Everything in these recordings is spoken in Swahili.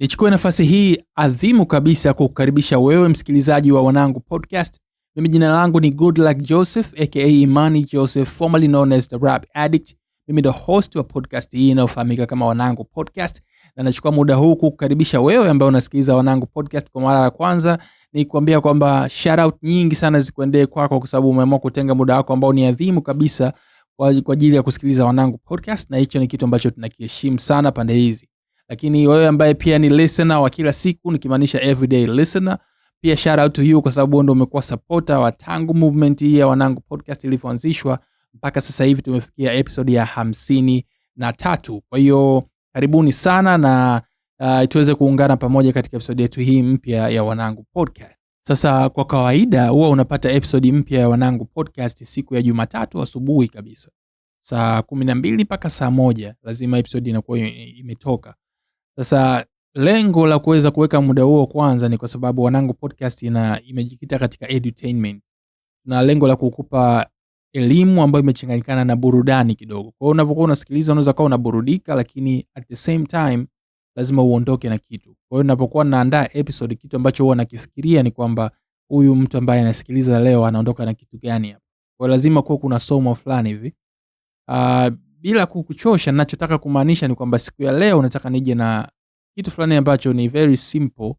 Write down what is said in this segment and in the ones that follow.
Nichukue nafasi hii adhimu kabisa kukukaribisha wewe msikilizaji wa Wanangu Podcast. Mimi jina langu ni Goodluck Joseph aka Imani Joseph, formerly known as the Rap Addict, mimi ndo host wa podcast hii inayofahamika kama Wanangu Podcast, na nachukua muda huu kukukaribisha wewe ambaye unasikiliza Wanangu Podcast kwa mara ya kwanza, nikuambia kwamba shout out nyingi sana zikuendee kwako, kwa sababu umeamua kutenga muda wako ambao ni adhimu kabisa kwa ajili ya kusikiliza Wanangu Podcast, na hicho ni kitu ambacho tunakiheshimu sana pande hizi. Lakini wewe ambaye pia ni listener wa kila siku, nikimaanisha everyday listener, pia shout out to you, kwa sababu ndio umekuwa supporter wa tangu movement hii ya Wanangu Podcast ilipoanzishwa mpaka sasa hivi tumefikia episode ya hamsini na tatu. Kwa hiyo karibuni sana na uh, tuweze kuungana pamoja katika episode yetu hii mpya ya Wanangu Podcast. Sasa kwa kawaida huwa unapata episode mpya ya Wanangu Podcast siku ya Jumatatu asubuhi kabisa saa kumi na mbili mpaka saa moja lazima episode inakuwa imetoka. Sasa lengo la kuweza kuweka muda huo kwanza ni kwa sababu Wanangu Podcast ina imejikita katika edutainment na lengo la kukupa elimu ambayo imechanganyikana na burudani kidogo. Kwa hiyo unapokuwa unasikiliza unaweza kuwa unaburudika, lakini at the same time lazima uondoke na kitu. Kwa hiyo ninapokuwa naandaa episode, kitu ambacho huwa nakifikiria ni kwamba huyu mtu ambaye anasikiliza leo anaondoka na kitu gani hapa. Kwa hiyo lazima kuwa kuna somo fulani hivi. Uh, bila kukuchosha, ninachotaka kumaanisha ni kwamba siku ya leo nataka nije na kitu fulani ambacho ni very simple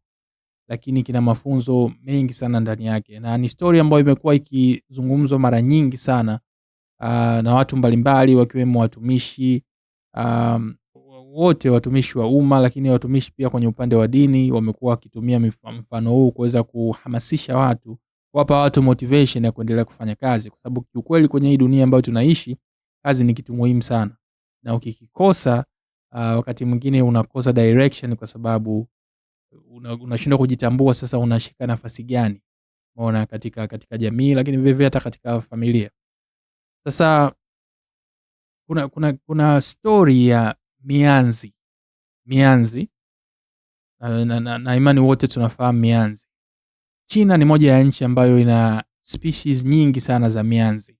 lakini kina mafunzo mengi sana ndani yake, na ni story ambayo imekuwa ikizungumzwa mara nyingi sana uh, na watu mbalimbali wakiwemo watumishi um, wote watumishi wa umma, lakini watumishi pia kwenye upande wa dini wamekuwa wakitumia mfano huu kuweza kuhamasisha watu, kuwapa watu motivation ya kuendelea kufanya kazi, kwa sababu kiukweli kwenye hii dunia ambayo tunaishi kazi ni kitu muhimu sana, na ukikikosa uh, wakati mwingine unakosa direction, kwa sababu unashindwa una kujitambua sasa unashika nafasi gani, mona katika, katika jamii lakini vile vile hata katika familia. Sasa kuna, kuna, kuna stori ya mianzi mianzi na, na, na, na imani wote tunafahamu mianzi. China ni moja ya nchi ambayo ina species nyingi sana za mianzi,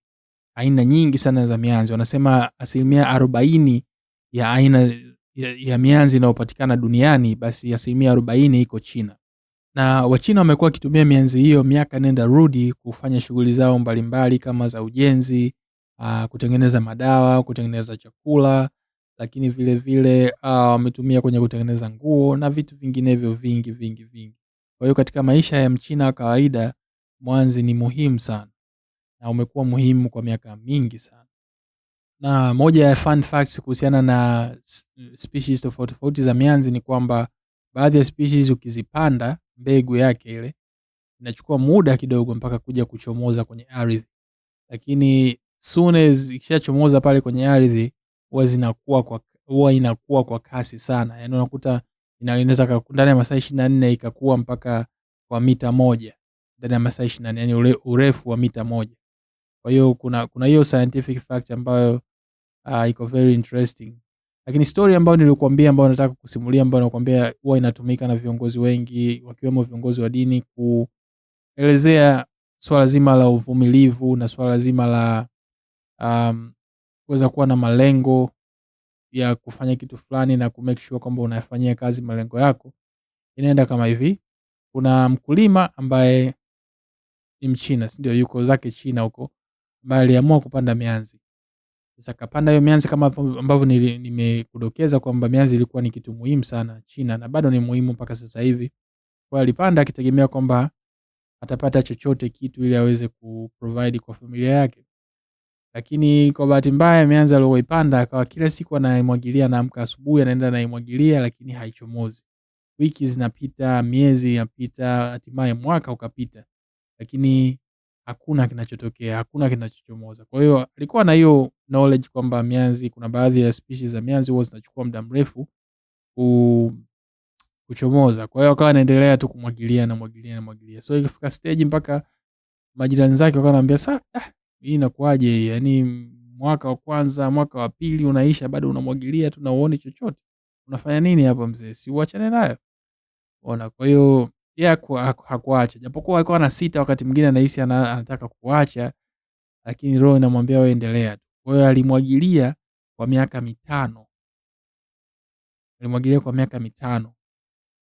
aina nyingi sana za mianzi. Wanasema asilimia arobaini ya aina ya, ya mianzi inayopatikana duniani basi asilimia 40 iko China na Wachina wamekuwa wakitumia mianzi hiyo miaka nenda rudi kufanya shughuli zao mbalimbali kama za ujenzi, uh, kutengeneza madawa, kutengeneza chakula, lakini vile vile ah, wametumia kwenye kutengeneza nguo na vitu vinginevyo vingi vingi vingi. Kwa hiyo katika maisha ya mchina wa kawaida mwanzi ni muhimu sana na umekuwa muhimu kwa miaka mingi sana na moja ya fun facts kuhusiana na species tofauti tofauti za mianzi ni kwamba baadhi ya species ukizipanda mbegu yake ile inachukua muda kidogo mpaka kuja kuchomoza kwenye ardhi, lakini soon as ikishachomoza pale kwenye ardhi huwa zinakuwa kwa huwa inakuwa kwa kasi sana, yaani unakuta inaweza ndani ya masaa ishirini na nne ikakuwa mpaka kwa mita moja ndani ya masaa ishirini na nne yaani ure, urefu wa mita moja. Kwa hiyo kuna kuna hiyo scientific fact ambayo uh, iko very interesting. Lakini story ambayo nilikuambia, ambayo nataka kusimulia, ambayo nakuambia huwa inatumika na viongozi wengi wakiwemo viongozi wa dini kuelezea swala zima la uvumilivu na swala zima la um, kuweza kuwa na malengo ya kufanya kitu fulani na ku sure kwamba unafanyia kazi malengo yako. Inaenda kama hivi: kuna mkulima ambaye ni Mchina, sindio Yuko zake China huko, ambaye aliamua kupanda mianzi. Sasa kapanda hiyo mianzi kama ambavyo nimekudokeza kwamba mianzi ilikuwa ni kitu muhimu sana China na bado ni muhimu mpaka sasa hivi. Kwa hiyo alipanda akitegemea kwamba atapata chochote kitu ili aweze kuprovide kwa familia yake. Lakini kwa bahati mbaya mianzi aliyoipanda akawa kila siku anaimwagilia, naamka asubuhi anaenda anaimwagilia, lakini haichomozi. Wiki zinapita, miezi yapita, hatimaye mwaka ukapita. Lakini hakuna kinachotokea, hakuna kinachochomoza. Kwa hiyo alikuwa na hiyo knowledge kwamba mianzi, kuna baadhi ya species za mianzi huwa zinachukua muda mrefu ku kuchomoza. Kwa hiyo akawa anaendelea tu kumwagilia na mwagilia na mwagilia, so ikifika stage mpaka majirani zake wakawa wanaambia sasa, ah, hii inakuaje? Yaani mwaka wa kwanza, mwaka wa pili unaisha, bado unamwagilia tu na uone chochote, unafanya nini hapa mzee? Si uachane nayo, ona. Kwa hiyo yeye hakuacha, japokuwa alikuwa na sita, wakati mwingine anahisi anataka kuacha, lakini roho inamwambia wewe endelea tu. Kwa hiyo alimwagilia kwa miaka mitano, alimwagilia kwa miaka mitano,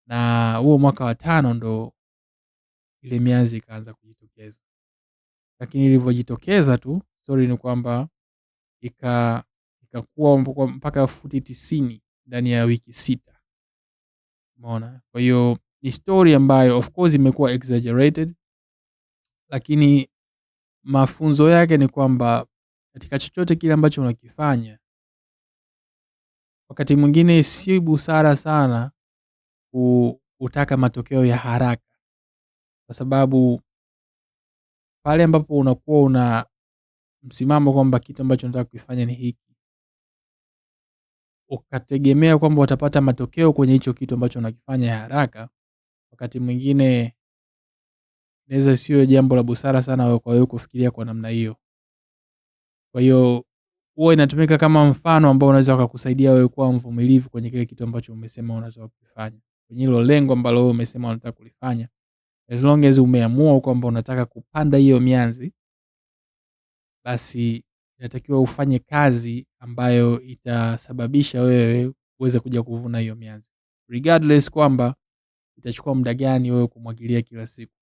na huo mwaka wa tano ndo ile mianzi ikaanza kujitokeza. Lakini ilivyojitokeza tu stori ni kwamba ika ikakuwa mpaka futi tisini ndani ya wiki sita. Umeona? Kwa hiyo ni story ambayo of course imekuwa exaggerated, lakini mafunzo yake ni kwamba katika chochote kile ambacho unakifanya. Wakati mwingine si busara sana kutaka matokeo ya haraka, kwa sababu pale ambapo unakuwa una msimamo kwamba kitu ambacho unataka kukifanya ni hiki, ukategemea kwamba utapata matokeo kwenye hicho kitu ambacho unakifanya ya haraka, wakati mwingine inaweza siyo jambo la busara sana kwa wewe kufikiria kwa namna hiyo. Kwa hiyo huwa inatumika kama mfano ambao unaweza ukakusaidia wewe kuwa mvumilivu kwenye kile kitu ambacho umesema unataka kufanya, kwenye hilo lengo ambalo wewe umesema unataka kulifanya. As long as umeamua kwamba unataka kupanda hiyo mianzi, basi inatakiwa ufanye kazi ambayo itasababisha wewe uweze kuja kuvuna hiyo mianzi, regardless kwamba itachukua muda gani wewe kumwagilia kila siku,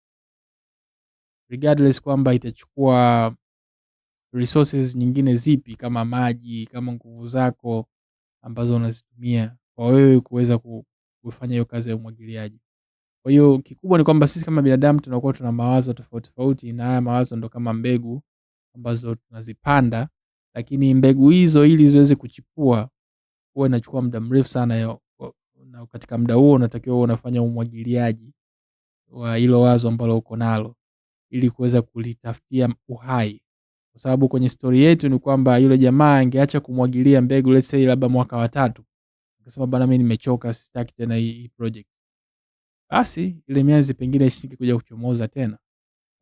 regardless kwamba itachukua resources nyingine zipi kama maji, kama nguvu zako ambazo unazitumia kwa wewe kuweza kufanya hiyo kazi ya umwagiliaji. Kwa hiyo kikubwa ni kwamba sisi kama binadamu tunakuwa tuna mawazo tofauti tofauti, na haya mawazo ndo kama mbegu ambazo tunazipanda, lakini mbegu hizo ili ziweze kuchipua huwa inachukua muda mrefu sana ya, na katika muda huo unatakiwa uwe unafanya umwagiliaji wa hilo wazo ambalo uko nalo ili kuweza kulitafutia uhai kwa sababu kwenye stori yetu ni kwamba yule jamaa angeacha kumwagilia mbegu let's say labda mwaka watatu akasema bana, mimi nimechoka, sitaki tena hii project, basi ile mianzi pengine isiki kuja kuchomoza tena.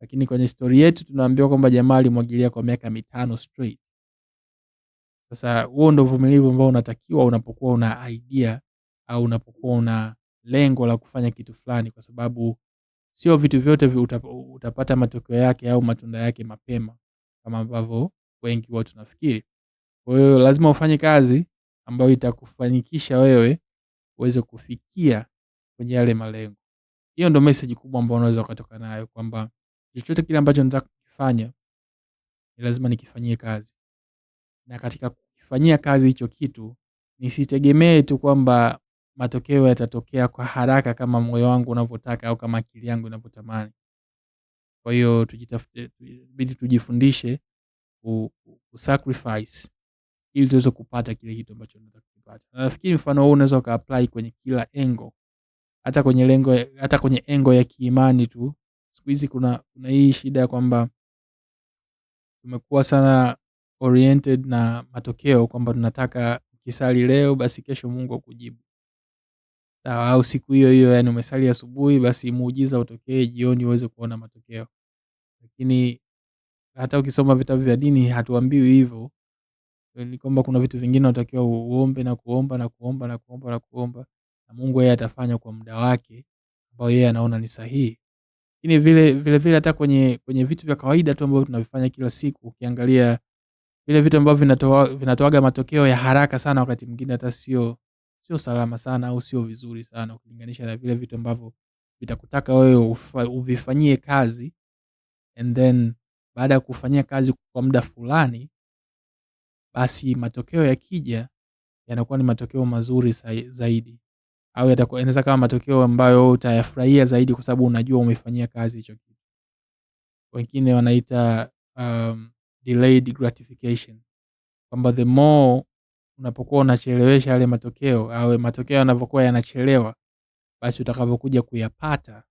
Lakini kwenye stori yetu tunaambiwa kwamba jamaa alimwagilia kwa miaka mitano straight. Sasa huo ndo uvumilivu ambao unatakiwa unapokuwa una idea au unapokuwa una lengo la kufanya kitu fulani, kwa sababu sio vitu vyote utapata matokeo yake au matunda yake mapema kama ambavyo wengi watu nafikiri. Kwa hiyo lazima ufanye kazi ambayo itakufanikisha wewe uweze kufikia kwenye yale malengo. Hiyo ndio message kubwa ambayo unaweza kutoka nayo kwamba chochote kile ambacho nataka kukifanya ni lazima nikifanyie kazi, na katika kukifanyia kazi hicho kitu nisitegemee tu kwamba matokeo yatatokea kwa haraka kama moyo wangu unavyotaka au kama akili yangu inavyotamani. Kwa hiyo tujitafute, tujifundishe kusacrifice ili tuweze kupata kile kitu ambacho tunataka kupata. Na nafikiri mfano huu unaweza ukaapply kwenye kila engo, hata kwenye lengo, hata kwenye engo ya kiimani tu. Siku hizi kuna, kuna hii shida ya kwamba tumekuwa sana oriented na matokeo kwamba tunataka ukisali leo basi kesho Mungu akujibu au siku hiyo hiyo, yani umesali asubuhi, basi muujiza utokee jioni uweze kuona matokeo. Lakini hata ukisoma vitabu vya dini hatuambiwi hivyo, ni kwamba kuna vitu vingine unatakiwa uombe na kuomba na kuomba na kuomba na kuomba, na Mungu yeye atafanya kwa muda wake ambao yeye anaona ni sahihi. Lakini vile vile vile hata kwenye kwenye vitu vya kawaida tu ambavyo tunavifanya kila siku, ukiangalia vile vitu ambavyo vinatoa vinatoaga matokeo ya haraka sana, wakati mwingine hata sio sio salama sana au sio vizuri sana ukilinganisha na vile vitu ambavyo vitakutaka wewe uvifanyie kazi and then baada ya kufanyia kazi kwa muda fulani, basi matokeo yakija yanakuwa ni matokeo mazuri zaidi, au yatakuwa kama matokeo ambayo utayafurahia zaidi, kwa sababu unajua umefanyia kazi hicho kitu. Wengine wanaita um, delayed gratification, kwamba the more unapokuwa unachelewesha yale matokeo awe matokeo yanavyokuwa yanachelewa, basi utakavyokuja kuyapata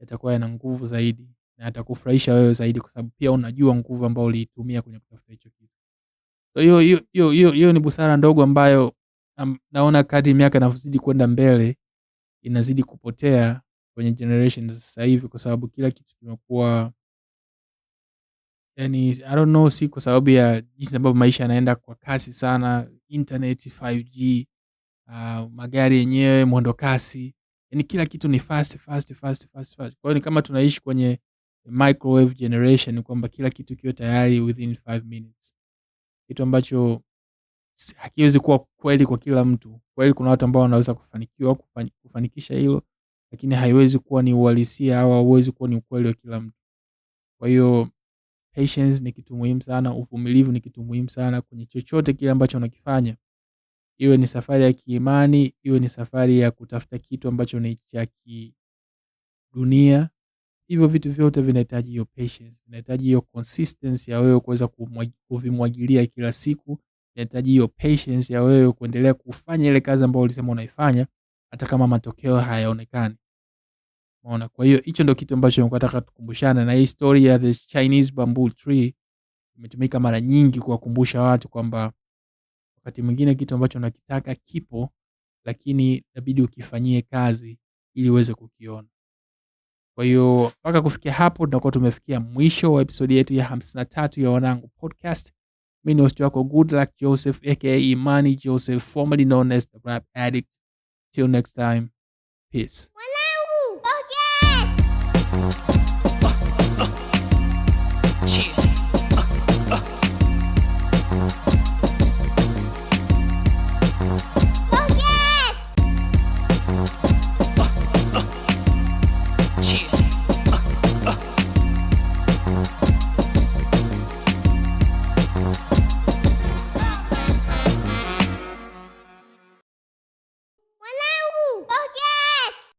yatakuwa yana nguvu zaidi na yatakufurahisha wewe zaidi, kwa sababu pia unajua nguvu ambayo uliitumia kwenye kutafuta hicho kitu. So hiyo hiyo hiyo hiyo ni busara ndogo ambayo naona kadri miaka inavyozidi kwenda mbele inazidi kupotea kwenye generations sasa hivi, kwa sababu kila kitu kimekuwa yani I don't know, si kwa sababu ya jinsi ambavyo maisha yanaenda kwa kasi sana, internet, 5G, uh, magari yenyewe, mwendo kasi, yani kila kitu ni fast fast fast fast fast. Kwa hiyo ni kama tunaishi kwenye microwave generation, kwamba kila kitu kiwe tayari within 5 minutes, kitu ambacho hakiwezi kuwa kweli kwa kila mtu. Kweli kuna watu ambao wanaweza kufanikiwa kufanikisha hilo, lakini haiwezi kuwa ni uhalisia au hauwezi kuwa ni ukweli wa kila mtu. Kwa hiyo Patience ni kitu muhimu sana, uvumilivu ni kitu muhimu sana kwenye chochote kile ambacho unakifanya, iwe ni safari ya kiimani, iwe ni safari ya kutafuta kitu ambacho ni cha kidunia. Hivyo vitu vyote vinahitaji hiyo patience, vinahitaji hiyo consistency ya wewe kuweza kuvimwagilia kila siku, inahitaji hiyo patience ya wewe kuendelea kufanya ile kazi ambayo ulisema unaifanya hata kama matokeo hayaonekani. Unaona, kwa hiyo hicho ndio kitu ambacho nataka tukumbushane, na hii story ya the Chinese bamboo tree imetumika mara nyingi kuwakumbusha watu kwamba wakati mwingine kitu ambacho unakitaka kipo, lakini inabidi ukifanyie kazi ili uweze kukiona. Kwa hiyo mpaka kufikia hapo, tunakuwa tumefikia mwisho wa episodi yetu ya 53 ya Wanangu Podcast. Mi ni host wako Good Luck Joseph aka Imani Joseph formerly known as the Rap Addict. Till next time, peace. you.